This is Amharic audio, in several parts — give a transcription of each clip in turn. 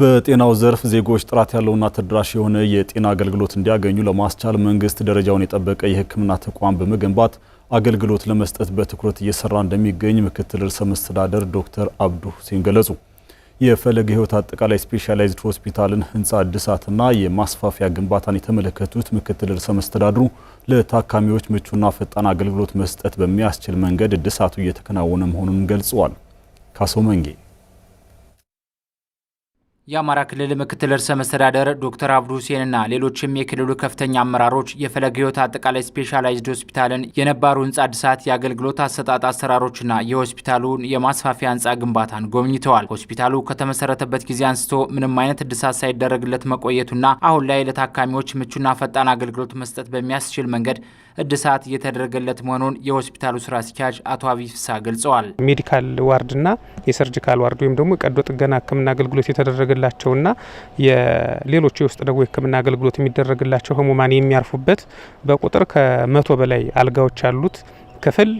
በጤናው ዘርፍ ዜጎች ጥራት ያለውና ተደራሽ የሆነ የጤና አገልግሎት እንዲያገኙ ለማስቻል መንግስት ደረጃውን የጠበቀ የሕክምና ተቋም በመገንባት አገልግሎት ለመስጠት በትኩረት እየሰራ እንደሚገኝ ምክትል ርዕሰ መስተዳደር ዶክተር አብዱ ሁሴን ገለጹ። የፈለገ ሕይወት አጠቃላይ ስፔሻላይዝድ ሆስፒታልን ህንፃ እድሳትና የማስፋፊያ ግንባታን የተመለከቱት ምክትል ርዕሰ መስተዳድሩ ለታካሚዎች ምቹና ፈጣን አገልግሎት መስጠት በሚያስችል መንገድ እድሳቱ እየተከናወነ መሆኑን ገልጸዋል። ካሶ መንጌ የአማራ ክልል ምክትል ርዕሰ መስተዳደር ዶክተር አብዱ ሁሴንና ሌሎችም የክልሉ ከፍተኛ አመራሮች የፈለገ ሕይወት አጠቃላይ ስፔሻላይዝድ ሆስፒታልን የነባሩ ህንፃ እድሳት፣ የአገልግሎት አሰጣጥ አሰራሮችና የሆስፒታሉን የማስፋፊያ ህንፃ ግንባታን ጎብኝተዋል። ሆስፒታሉ ከተመሰረተበት ጊዜ አንስቶ ምንም አይነት እድሳት ሳይደረግለት መቆየቱና አሁን ላይ ለታካሚዎች ምቹና ፈጣን አገልግሎት መስጠት በሚያስችል መንገድ እድሳት እየተደረገለት መሆኑን የሆስፒታሉ ስራ አስኪያጅ አቶ አብይ ፍሳ ገልጸዋል። ሜዲካል ዋርድና የሰርጂካል ዋርድ ወይም ደግሞ ቀዶ ጥገና ህክምና አገልግሎት የተደረገ የሚደረግላቸውና የሌሎች የውስጥ ደግሞ የህክምና አገልግሎት የሚደረግላቸው ህሙማን የሚያርፉበት በቁጥር ከመቶ በላይ አልጋዎች ያሉት ክፍል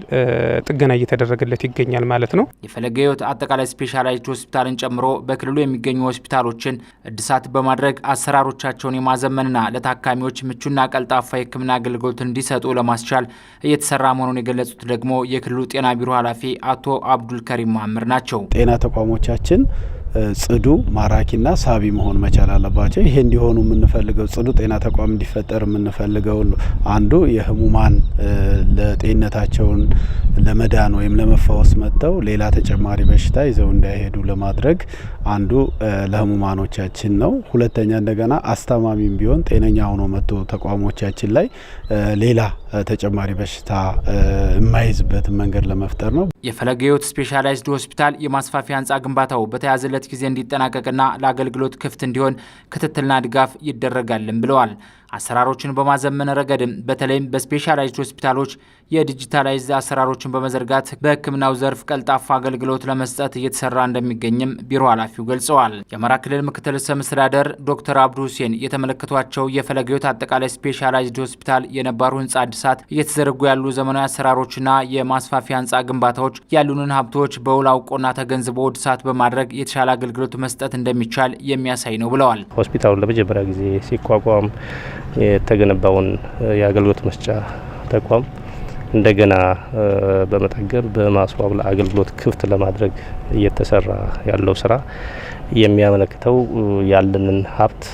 ጥገና እየተደረገለት ይገኛል ማለት ነው። የፈለገ ህይወት አጠቃላይ ስፔሻላይዝድ ሆስፒታልን ጨምሮ በክልሉ የሚገኙ ሆስፒታሎችን እድሳት በማድረግ አሰራሮቻቸውን የማዘመንና ለታካሚዎች ምቹና ቀልጣፋ የህክምና አገልግሎት እንዲሰጡ ለማስቻል እየተሰራ መሆኑን የገለጹት ደግሞ የክልሉ ጤና ቢሮ ኃላፊ አቶ አብዱል ከሪም መሀመድ ናቸው። ጤና ተቋሞቻችን ጽዱ ማራኪና ሳቢ መሆን መቻል አለባቸው። ይሄ እንዲሆኑ የምንፈልገው ጽዱ ጤና ተቋም እንዲፈጠር የምንፈልገው አንዱ የህሙማን ለጤንነታቸውን ለመዳን ወይም ለመፈወስ መጥተው ሌላ ተጨማሪ በሽታ ይዘው እንዳይሄዱ ለማድረግ አንዱ ለህሙማኖቻችን ነው። ሁለተኛ እንደገና አስታማሚም ቢሆን ጤነኛ ሆኖ መጥቶ ተቋሞቻችን ላይ ሌላ ተጨማሪ በሽታ የማይዝበትን መንገድ ለመፍጠር ነው። የፈለገ ህይወት ስፔሻላይዝድ ሆስፒታል የማስፋፊያ ህንፃ ግንባታው በተያዘለት ጊዜ እንዲጠናቀቅና ለአገልግሎት ክፍት እንዲሆን ክትትልና ድጋፍ ይደረጋልን ብለዋል። አሰራሮችን በማዘመን ረገድም በተለይም በስፔሻላይዝድ ሆስፒታሎች የዲጂታላይዝድ አሰራሮችን በመዘርጋት በሕክምናው ዘርፍ ቀልጣፋ አገልግሎት ለመስጠት እየተሰራ እንደሚገኝም ቢሮ ኃላፊው ገልጸዋል። የአማራ ክልል ምክትል ርዕሰ መስተዳደር ዶክተር አብዱ ሁሴን የተመለከቷቸው የፈለገ ሕይወት አጠቃላይ ስፔሻላይዝድ ሆስፒታል የነባሩ ህንፃ እድሳት፣ እየተዘረጉ ያሉ ዘመናዊ አሰራሮችና የማስፋፊያ ህንፃ ግንባታዎች ያሉንን ሀብቶች በውል አውቆና ተገንዝቦ እድሳት በማድረግ የተሻለ አገልግሎት መስጠት እንደሚቻል የሚያሳይ ነው ብለዋል። ሆስፒታሉን ለመጀመሪያ ጊዜ ሲቋቋም የተገነባውን የአገልግሎት መስጫ ተቋም እንደገና በመጠገም በማስዋብ ለአገልግሎት ክፍት ለማድረግ እየተሰራ ያለው ስራ የሚያመለክተው ያለንን ሀብት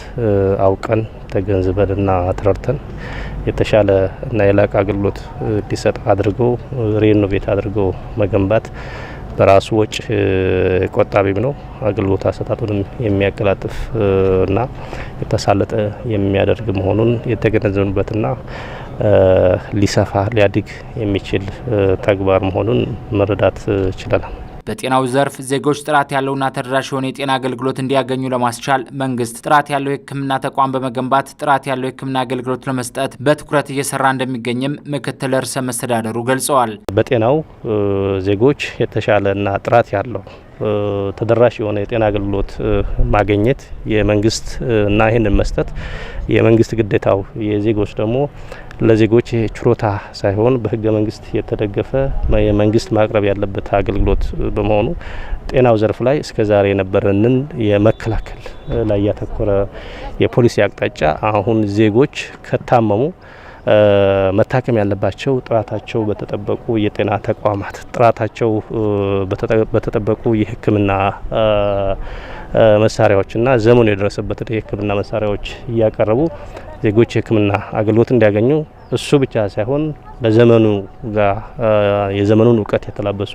አውቀን ተገንዝበንና ተረድተን የተሻለ እና የላቀ አገልግሎት እንዲሰጥ አድርጎ ሬኖቬት አድርጎ መገንባት በራሱ ወጪ ቆጣቢም ነው። አገልግሎት አሰጣጡንም የሚያቀላጥፍ እና የተሳለጠ የሚያደርግ መሆኑን የተገነዘብንበትና ሊሰፋ ሊያድግ የሚችል ተግባር መሆኑን መረዳት ችለናል። በጤናው ዘርፍ ዜጎች ጥራት ያለውና ተደራሽ የሆነ የጤና አገልግሎት እንዲያገኙ ለማስቻል መንግስት ጥራት ያለው የሕክምና ተቋም በመገንባት ጥራት ያለው የሕክምና አገልግሎት ለመስጠት በትኩረት እየሰራ እንደሚገኝም ምክትል ርዕሰ መስተዳደሩ ገልጸዋል። በጤናው ዜጎች የተሻለና ጥራት ያለው ተደራሽ የሆነ የጤና አገልግሎት ማግኘት የመንግስት እና ይህንን መስጠት የመንግስት ግዴታው የዜጎች ደግሞ ለዜጎች ችሮታ ሳይሆን በህገ መንግስት የተደገፈ የመንግስት ማቅረብ ያለበት አገልግሎት በመሆኑ ጤናው ዘርፍ ላይ እስከ ዛሬ የነበረንን የመከላከል ላይ ያተኮረ የፖሊሲ አቅጣጫ አሁን ዜጎች ከታመሙ መታከም ያለባቸው ጥራታቸው በተጠበቁ የጤና ተቋማት ጥራታቸው በተጠበቁ የሕክምና መሳሪያዎችና ዘመኑ የደረሰበትን የሕክምና መሳሪያዎች እያቀረቡ ዜጎች የሕክምና አገልግሎት እንዲያገኙ እሱ ብቻ ሳይሆን በዘመኑ ጋር የዘመኑን እውቀት የተላበሱ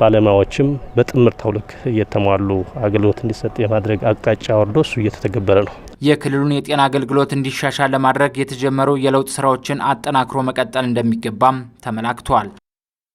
ባለሙያዎችም በጥምር ተውልክ እየተሟሉ አገልግሎት እንዲሰጥ የማድረግ አቅጣጫ ወርዶ እሱ እየተተገበረ ነው። የክልሉን የጤና አገልግሎት እንዲሻሻል ለማድረግ የተጀመሩ የለውጥ ስራዎችን አጠናክሮ መቀጠል እንደሚገባም ተመላክቷል።